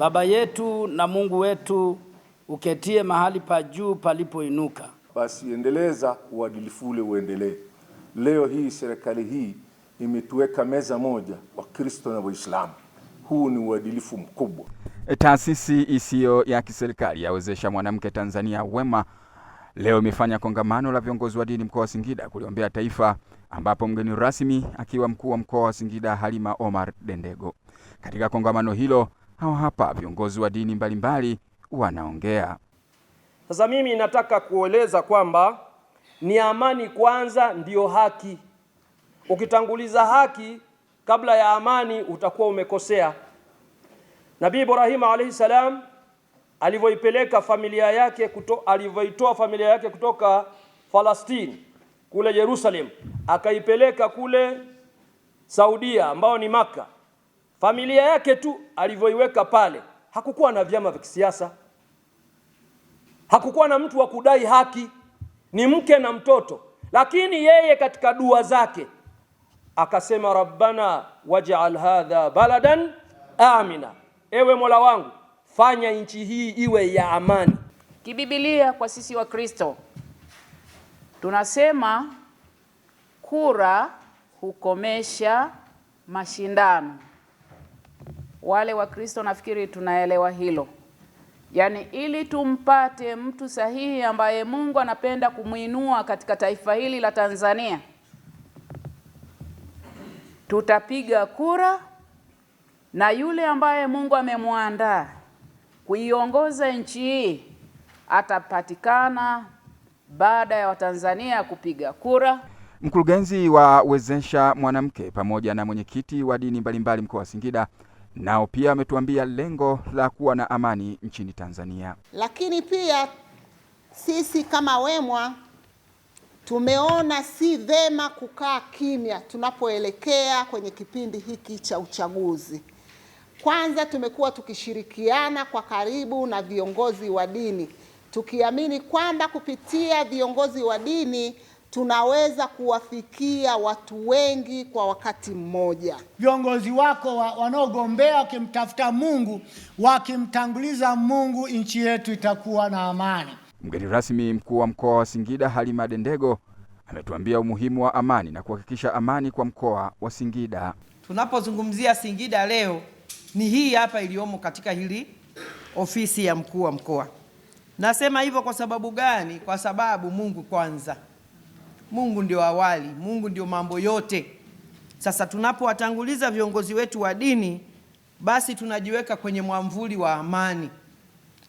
Baba yetu na Mungu wetu uketie mahali pa juu palipoinuka. Basi endeleza uadilifu ule uendelee. Leo hii serikali hii imetuweka meza moja Wakristo na Waislamu. Huu ni uadilifu mkubwa. Taasisi isiyo ya kiserikali yawezesha mwanamke Tanzania Wema leo imefanya kongamano la viongozi wa dini mkoa wa Singida kuliombea taifa, ambapo mgeni rasmi akiwa mkuu wa mkoa wa Singida Halima Omar Dendego. Katika kongamano hilo Hawa hapa viongozi wa dini mbalimbali wanaongea. Sasa mimi nataka kueleza kwamba ni amani kwanza ndiyo haki. Ukitanguliza haki kabla ya amani utakuwa umekosea. Nabii Ibrahim alayhi salam alivyoipeleka familia yake kuto, alivyoitoa familia yake kutoka Falastini kule Jerusalem akaipeleka kule Saudia ambao ni Maka familia yake tu alivyoiweka pale, hakukuwa na vyama vya kisiasa, hakukuwa na mtu wa kudai haki, ni mke na mtoto. Lakini yeye katika dua zake akasema, rabbana waj'al hadha baladan amina, ewe Mola wangu fanya nchi hii iwe ya amani. Kibibilia kwa sisi wa kristo tunasema kura hukomesha mashindano wale Wakristo nafikiri tunaelewa hilo, yaani ili tumpate mtu sahihi ambaye Mungu anapenda kumwinua katika taifa hili la Tanzania, tutapiga kura na yule ambaye Mungu amemwandaa kuiongoza nchi hii atapatikana baada ya Watanzania kupiga kura. Mkurugenzi wa Wezesha Mwanamke pamoja na mwenyekiti wa dini mbalimbali mkoa wa Singida Nao pia ametuambia lengo la kuwa na amani nchini Tanzania. Lakini pia sisi kama WEMWA tumeona si vema kukaa kimya tunapoelekea kwenye kipindi hiki cha uchaguzi. Kwanza tumekuwa tukishirikiana kwa karibu na viongozi wa dini tukiamini kwamba kupitia viongozi wa dini tunaweza kuwafikia watu wengi kwa wakati mmoja. Viongozi wako wa, wanaogombea wakimtafuta Mungu, wakimtanguliza Mungu, nchi yetu itakuwa na amani. Mgeni rasmi mkuu wa mkoa wa Singida Halima Dendego ametuambia umuhimu wa amani na kuhakikisha amani kwa mkoa wa Singida. Tunapozungumzia Singida leo ni hii hapa iliyomo katika hili ofisi ya mkuu wa mkoa. Nasema hivyo kwa sababu gani? Kwa sababu Mungu kwanza Mungu ndio awali, Mungu ndio mambo yote. Sasa tunapowatanguliza viongozi wetu wa dini, basi tunajiweka kwenye mwamvuli wa amani,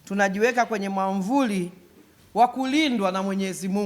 tunajiweka kwenye mwamvuli wa kulindwa na Mwenyezi Mungu.